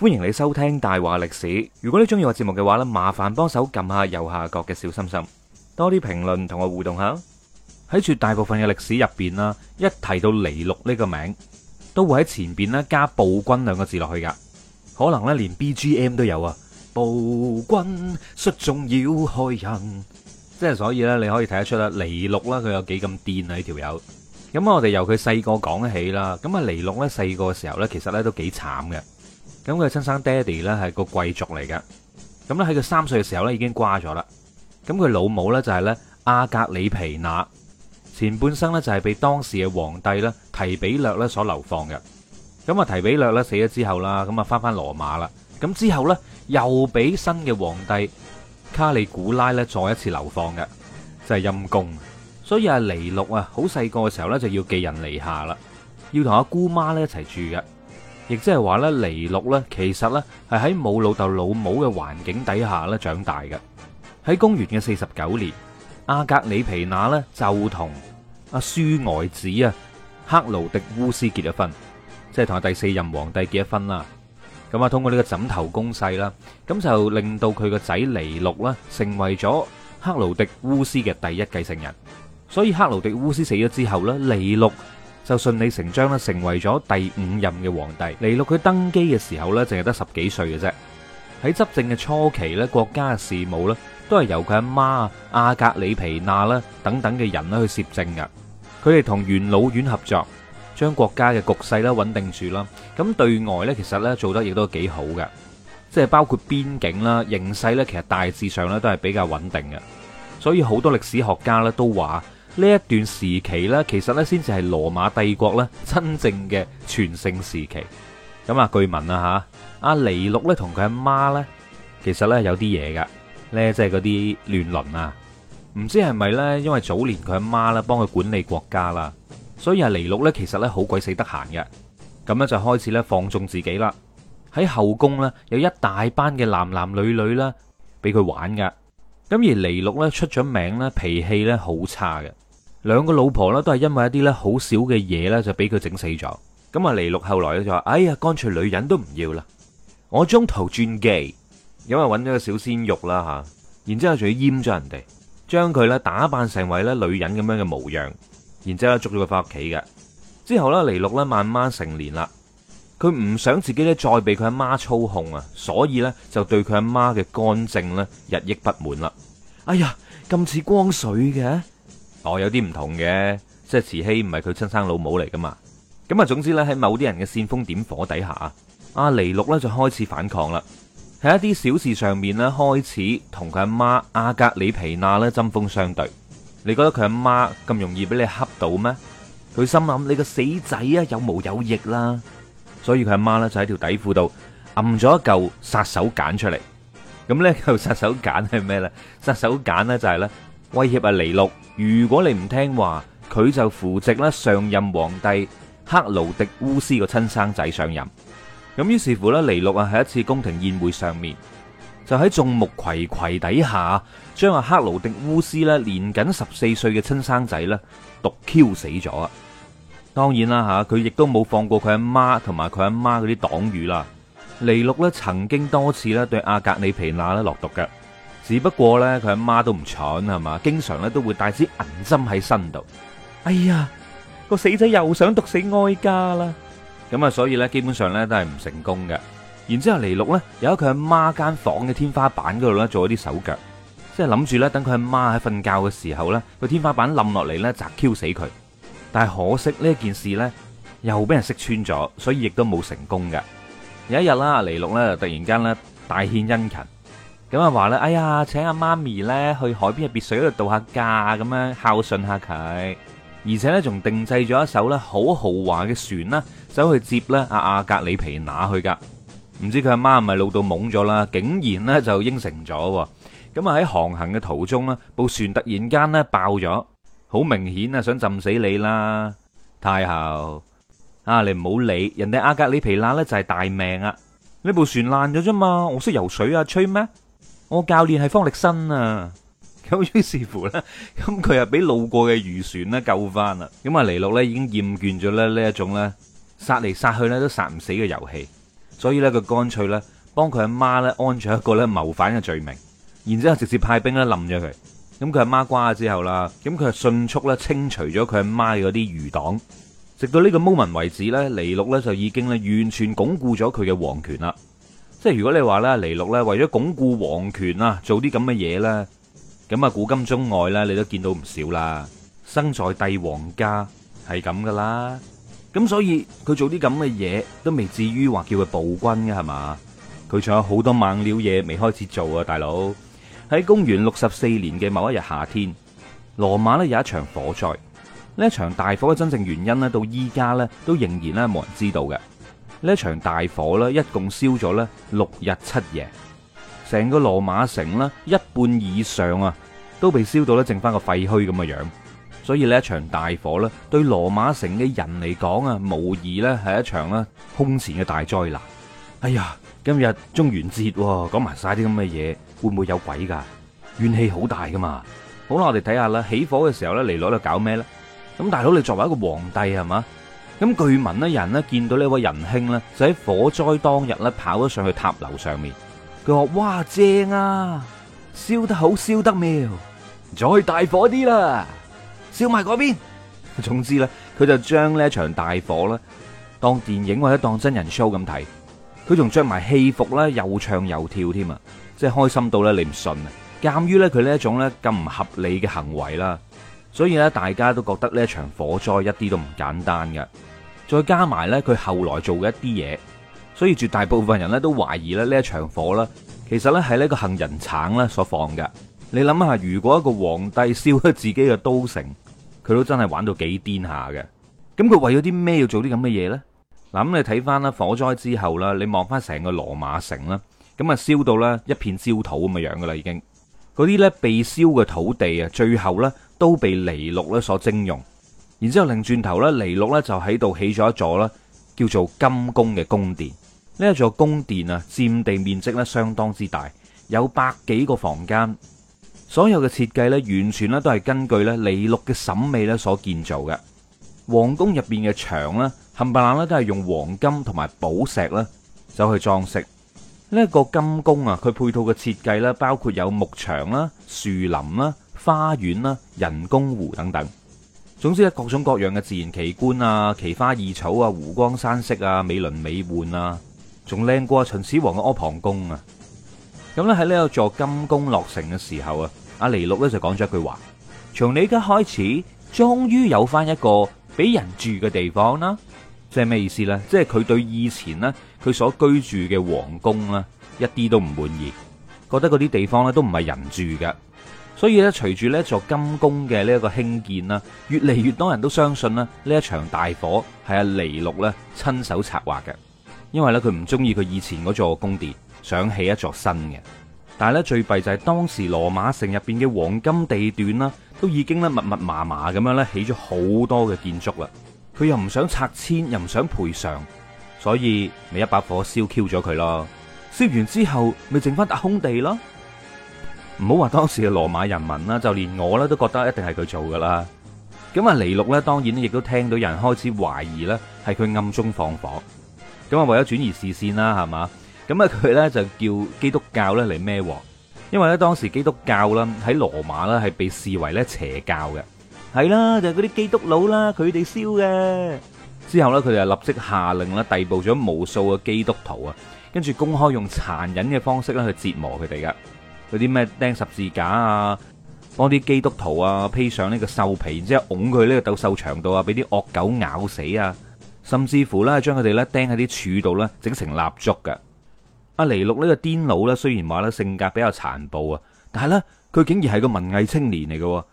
歡迎你收聽大話歷史。如果你中意我節目嘅話咧，麻煩幫手撳下右下角嘅小心心，多啲評論同我互動下。喺絕大部分嘅歷史入邊啦，一提到尼禄呢個名，都會喺前邊咧加暴君兩個字落去噶。可能咧連 BGM 都有啊！暴君率眾要害人，即係所以咧，你可以睇得出啦，尼禄啦佢有幾咁癲啊呢條友。咁，我哋由佢細個講起啦。咁啊，尼禄咧細個嘅時候呢，其實咧都幾慘嘅。咁佢親生爹哋咧係個貴族嚟嘅，咁咧喺佢三歲嘅時候咧已經瓜咗啦。咁佢老母咧就係咧阿格里皮娜，前半生咧就係被當時嘅皇帝咧提比略咧所流放嘅。咁啊提比略咧死咗之後啦，咁啊翻翻羅馬啦。咁之後咧又俾新嘅皇帝卡里古拉咧再一次流放嘅，就係陰公。所以阿尼祿啊，好細個嘅時候咧就要寄人籬下啦，要同阿姑媽咧一齊住嘅。亦即係話呢尼祿呢其實呢係喺冇老豆老母嘅環境底下呢長大嘅。喺公元嘅四十九年，阿格里皮娜呢就同阿舒呆子啊克勞迪烏斯結咗婚，即係同阿第四任皇帝結咗婚啦。咁啊，通過呢個枕頭攻勢啦，咁就令到佢個仔尼祿呢成為咗克勞迪烏斯嘅第一繼承人。所以克勞迪烏斯死咗之後呢，尼祿。就順理成章咧，成為咗第五任嘅皇帝。嚟到佢登基嘅時候咧，淨係得十幾歲嘅啫。喺執政嘅初期咧，國家嘅事務咧，都係由佢阿媽阿格里皮娜啦等等嘅人啦去攝政嘅。佢哋同元老院合作，將國家嘅局勢啦穩定住啦。咁對外咧，其實咧做得亦都幾好嘅，即係包括邊境啦、形勢咧，其實大致上咧都係比較穩定嘅。所以好多歷史學家咧都話。呢一段時期呢，其實呢，先至係羅馬帝國呢真正嘅全盛時期。咁啊，據聞啊，嚇阿尼祿呢同佢阿媽呢，其實呢，有啲嘢噶呢即係嗰啲亂倫啊。唔知係咪呢，因為早年佢阿媽呢幫佢管理國家啦，所以阿尼祿呢其實呢好鬼死得閒嘅。咁呢，就開始呢放縱自己啦。喺後宮呢，有一大班嘅男男女女啦，俾佢玩噶。咁而尼祿呢，出咗名呢，脾氣呢好差嘅。兩個老婆咧都係因為一啲咧好少嘅嘢咧就俾佢整死咗。咁啊，尼禄後來咧就話：哎呀，乾脆女人都唔要啦，我將頭轉 gay 因為揾咗個小鮮肉啦吓。然之後仲要閹咗人哋，將佢咧打扮成為咧女人咁樣嘅模樣。然之後咧捉咗佢翻屋企嘅。之後咧尼禄咧慢慢成年啦，佢唔想自己咧再被佢阿媽操控啊，所以咧就對佢阿媽嘅干政咧日益不滿啦。哎呀，咁似光水嘅～我、哦、有啲唔同嘅，即係慈禧唔係佢親生老母嚟噶嘛？咁啊，總之呢，喺某啲人嘅煽風點火底下，阿、啊、尼禄呢就開始反抗啦。喺一啲小事上面呢，開始同佢阿媽阿格里皮娜咧針鋒相對。你覺得佢阿媽咁容易俾你恰到咩？佢心諗，你個死仔啊，有毛有翼啦！所以佢阿媽呢，就喺條底褲度揞咗一嚿殺手鐧出嚟。咁呢，又、這個、殺手鐧係咩呢？殺手鐧呢、就係，就係呢。威脅阿尼禄，如果你唔聽話，佢就扶植啦上任皇帝克勞狄烏斯個親生仔上任。咁於是乎呢，尼禄啊喺一次宮廷宴會上面，就喺眾目睽睽底下，將阿克勞狄烏斯咧年僅十四歲嘅親生仔咧毒 Q 死咗。當然啦吓，佢亦都冇放過佢阿媽同埋佢阿媽嗰啲黨羽啦。尼禄咧曾經多次咧對阿格里皮娜咧落毒嘅。只不過咧，佢阿媽都唔蠢係嘛，經常咧都會帶支銀針喺身度。哎呀，個死仔又想毒死哀家啦！咁啊，所以咧，基本上咧都係唔成功嘅。然之後，尼祿咧，由得佢阿媽間房嘅天花板嗰度咧做咗啲手腳，即係諗住咧等佢阿媽喺瞓覺嘅時候咧，個天花板冧落嚟咧砸 Q 死佢。但係可惜呢件事咧又俾人識穿咗，所以亦都冇成功嘅。有一日啦，尼祿咧突然間咧大獻殷勤。咁啊，話咧，哎呀，請阿媽咪呢去海邊嘅別墅嗰度度下假咁樣孝順下佢，而且呢，仲定制咗一艘呢好豪華嘅船啦，走去接呢阿阿格里皮娜去㗎。唔知佢阿媽係咪老到懵咗啦？竟然呢就應承咗。咁啊，喺航行嘅途中呢，部船突然間呢爆咗，好明顯啊，想浸死你啦，太后啊，你唔好理人哋阿格里皮娜呢就係大命啊，呢部船爛咗啫嘛，我識游水啊，吹咩？我教練係方力申啊，咁於是乎呢，咁佢又俾路過嘅漁船咧救翻啦。咁啊，尼禄呢已經厭倦咗咧呢一種呢殺嚟殺去呢都殺唔死嘅遊戲，所以呢，佢乾脆呢，幫佢阿媽呢安咗一個呢謀反嘅罪名，然之後直接派兵呢冧咗佢。咁佢阿媽瓜咗之後啦，咁佢係迅速咧清除咗佢阿媽嗰啲餘黨，直到呢個 moment 為止呢，尼禄呢就已經咧完全鞏固咗佢嘅皇權啦。即係如果你話呢，尼禄呢，為咗鞏固皇權啊，做啲咁嘅嘢，呢，咁啊古今中外呢，你都見到唔少啦。生在帝王家係咁噶啦，咁所以佢做啲咁嘅嘢都未至於話叫佢暴君嘅係嘛？佢仲有好多猛料嘢未開始做啊！大佬喺公元六十四年嘅某一日夏天，羅馬呢有一場火災，呢一場大火嘅真正原因呢，到依家呢，都仍然呢冇人知道嘅。呢一場大火啦，一共燒咗咧六日七夜，成個羅馬城啦一半以上啊都被燒到咧，剩翻個廢墟咁嘅樣。所以呢一場大火咧，對羅馬城嘅人嚟講啊，無疑咧係一場咧空前嘅大災難。哎呀，今日中元節，講埋晒啲咁嘅嘢，會唔會有鬼噶？怨氣好大噶嘛。好啦，我哋睇下啦，起火嘅時候咧，尼禄咧搞咩咧？咁大佬，你作為一個皇帝係嘛？咁據聞咧，人咧見到呢位仁兄咧，就喺火災當日咧跑咗上去塔樓上面。佢話：哇，正啊，燒得好，燒得妙，再大火啲啦，燒埋嗰邊。 總之呢，佢就將呢一場大火咧當電影或者當真人 show 咁睇。佢仲着埋戲服咧，又唱又跳添啊！即係開心到咧，你唔信啊？鑑於咧佢呢一種咧咁唔合理嘅行為啦，所以咧大家都覺得呢一場火災一啲都唔簡單嘅。再加埋呢，佢後來做嘅一啲嘢，所以絕大部分人呢都懷疑咧呢一場火呢，其實呢係呢個杏仁橙呢所放嘅。你諗下，如果一個皇帝燒咗自己嘅都城，佢都真係玩到幾癲下嘅。咁佢為咗啲咩要做啲咁嘅嘢呢？嗱，咁你睇翻啦，火災之後啦，你望翻成個羅馬城啦，咁啊燒到呢一片焦土咁嘅樣噶啦，已經嗰啲呢被燒嘅土地啊，最後呢都被尼祿呢所徵用。然之後，擰轉頭咧，尼禄咧就喺度起咗一座咧，叫做金宮嘅宮殿。呢一座宮殿啊，佔地面積咧相當之大，有百幾個房間。所有嘅設計咧，完全咧都係根據咧尼禄嘅審美咧所建造嘅。皇宮入邊嘅牆咧，冚唪唥咧都係用黃金同埋寶石咧走去裝飾。呢一個金宮啊，佢配套嘅設計咧，包括有牧場啦、樹林啦、花園啦、人工湖等等。總之咧，各種各樣嘅自然奇觀啊，奇花異草啊，湖光山色啊，美輪美奐啊，仲靚過秦始皇嘅阿房宮啊。咁咧喺呢一座金宮落成嘅時候啊，阿尼祿咧就講咗一句話：從你而家開始，終於有翻一個俾人住嘅地方啦。即係咩意思呢？即係佢對以前呢，佢所居住嘅皇宮咧，一啲都唔滿意，覺得嗰啲地方呢都唔係人住嘅。所以咧，隨住呢座金宮嘅呢一個興建啦，越嚟越多人都相信咧，呢一場大火係阿尼祿咧親手策劃嘅，因為咧佢唔中意佢以前嗰座宮殿，想起一座新嘅。但係咧最弊就係當時羅馬城入邊嘅黃金地段啦，都已經咧密密麻麻咁樣咧起咗好多嘅建築啦，佢又唔想拆遷，又唔想賠償，所以咪一把火燒 Q 咗佢咯，燒完之後咪剩翻笪空地咯。唔好話當時嘅羅馬人民啦，就連我咧都覺得一定係佢做噶啦。咁啊，尼禄咧當然亦都聽到人開始懷疑咧係佢暗中放火。咁啊，為咗轉移視線啦，係嘛？咁啊，佢咧就叫基督教咧嚟孭鑊因為咧當時基督教啦喺羅馬咧係被視為咧邪教嘅。係啦，就係嗰啲基督佬啦，佢哋燒嘅。之後咧，佢哋啊立即下令啦，逮捕咗無數嘅基督徒啊，跟住公開用殘忍嘅方式咧去折磨佢哋嘅。嗰啲咩釘十字架啊，幫啲基督徒啊披上呢個獸皮，然之後㧬佢呢個鬥獸場度啊，俾啲惡狗咬死啊，甚至乎呢將佢哋呢釘喺啲柱度呢，整成蠟燭噶。阿、啊、尼祿呢個癲佬呢，雖然話呢性格比較殘暴啊，但係呢，佢竟然係個文藝青年嚟嘅，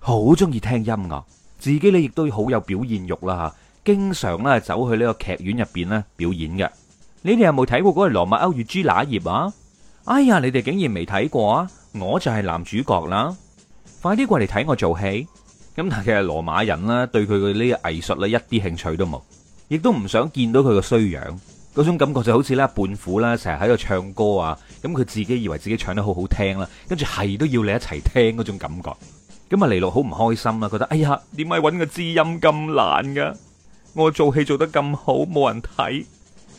好中意聽音樂，自己呢亦都好有表現欲啦吓，經常呢走去呢個劇院入邊呢表演嘅。你哋有冇睇過嗰個《羅密歐與朱麗葉》啊？哎呀！你哋竟然未睇過啊？我就係男主角啦，快啲過嚟睇我做戲咁。但係羅馬人咧，對佢嘅呢個藝術呢，一啲興趣都冇，亦都唔想見到佢個衰樣嗰種感覺，就好似呢胖虎啦，成日喺度唱歌啊。咁佢自己以為自己唱得好好聽啦，跟住係都要你一齊聽嗰種感覺。咁啊，尼祿好唔開心啊，覺得哎呀，點解搵個知音咁難噶？我做戲做得咁好，冇人睇，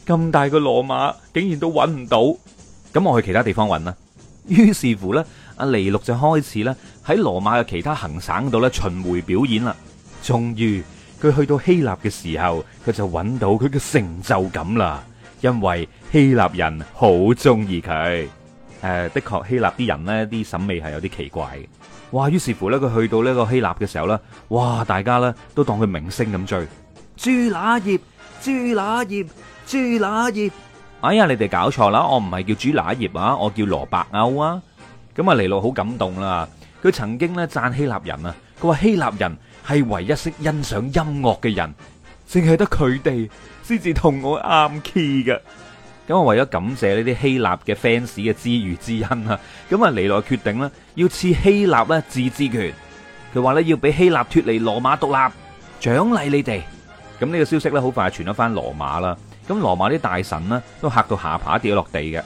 咁大個羅馬，竟然都搵唔到。咁我去其他地方揾啦，於是乎呢，阿尼禄就開始咧喺羅馬嘅其他行省度呢，巡迴表演啦。終於佢去到希臘嘅時候，佢就揾到佢嘅成就感啦，因為希臘人好中意佢。誒、呃，的確希臘啲人呢，啲審美係有啲奇怪嘅。哇，於是乎呢，佢去到呢個希臘嘅時候呢，哇，大家呢，都當佢明星咁追。豬乸葉，豬乸葉，豬乸葉。哎呀，你哋搞錯啦！我唔係叫主拿葉啊，我叫羅伯歐啊。咁啊，尼祿好感動啦。佢曾經咧讚希臘人啊，佢話希臘人係唯一識欣賞音樂嘅人，淨係得佢哋先至同我啱 key 噶。咁我為咗感謝呢啲希臘嘅 fans 嘅知遇之恩啊，咁啊，尼祿決定咧要賜希臘咧自治權。佢話咧要俾希臘脫離羅馬獨立，獎勵你哋。咁呢個消息咧好快傳咗翻羅馬啦。咁羅馬啲大臣呢都嚇到下巴跌落地嘅，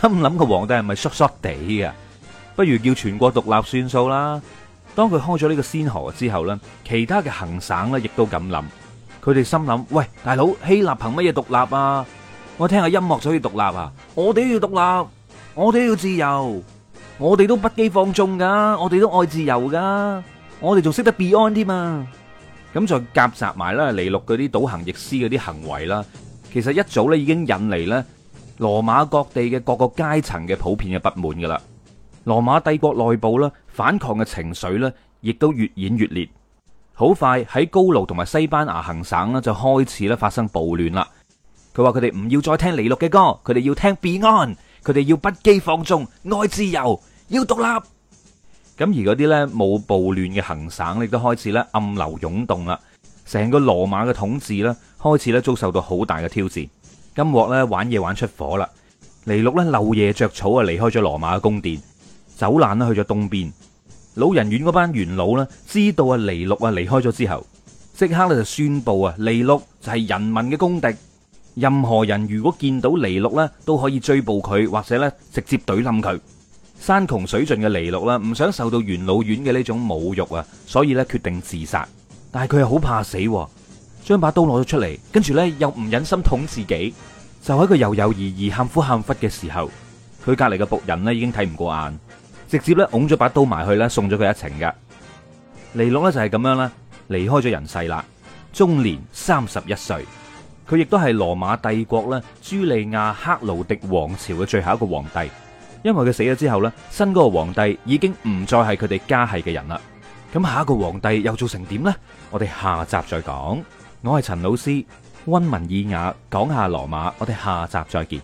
心諗個皇帝係咪 short short 哋啊？不如叫全國獨立算數啦！當佢開咗呢個先河之後呢，其他嘅行省呢亦都咁諗，佢哋心諗：喂，大佬希臘憑乜嘢獨立啊？我聽下音樂就可以獨立啊！我哋都要獨立，我哋都要自由，我哋都不羈放縱噶，我哋都愛自由噶，我哋仲識得 beyond 添啊！咁再夾雜埋啦，尼祿嗰啲倒行逆施嗰啲行為啦。其實一早咧已經引嚟咧羅馬各地嘅各個階層嘅普遍嘅不滿噶啦，羅馬帝國內部咧反抗嘅情緒咧亦都越演越烈，好快喺高盧同埋西班牙行省呢，就開始咧發生暴亂啦。佢話佢哋唔要再聽尼禄嘅歌，佢哋要聽 Beyond，佢哋要不羈放縱，愛自由，要獨立。咁而嗰啲呢，冇暴亂嘅行省，亦都開始咧暗流湧動啦。成個羅馬嘅統治啦，開始咧遭受到好大嘅挑戰。今鑊咧玩嘢玩出火啦，尼禄呢，漏夜着草啊，離開咗羅馬嘅宮殿，走難啦去咗東邊。老人院嗰班元老呢，知道啊，尼禄啊離開咗之後，即刻咧就宣布啊，尼禄就係人民嘅公敵，任何人如果見到尼禄呢，都可以追捕佢，或者咧直接懟冧佢。山窮水盡嘅尼禄啦，唔想受到元老院嘅呢種侮辱啊，所以咧決定自殺。但係佢又好怕死，將把刀攞咗出嚟，跟住呢又唔忍心捅自己，就喺佢猶猶疑疑、喊苦喊忽嘅時候，佢隔籬嘅僕人呢已經睇唔過眼，直接咧㧬咗把刀埋去咧，送咗佢一程噶。尼禄呢就係咁樣啦，離開咗人世啦，終年三十一歲，佢亦都係羅馬帝國咧朱利亞克勞狄王朝嘅最後一個皇帝，因為佢死咗之後呢，新嗰個皇帝已經唔再係佢哋家系嘅人啦。咁下一個皇帝又做成點呢？我哋下集再講。我係陳老師，溫文爾雅，講下羅馬。我哋下集再見。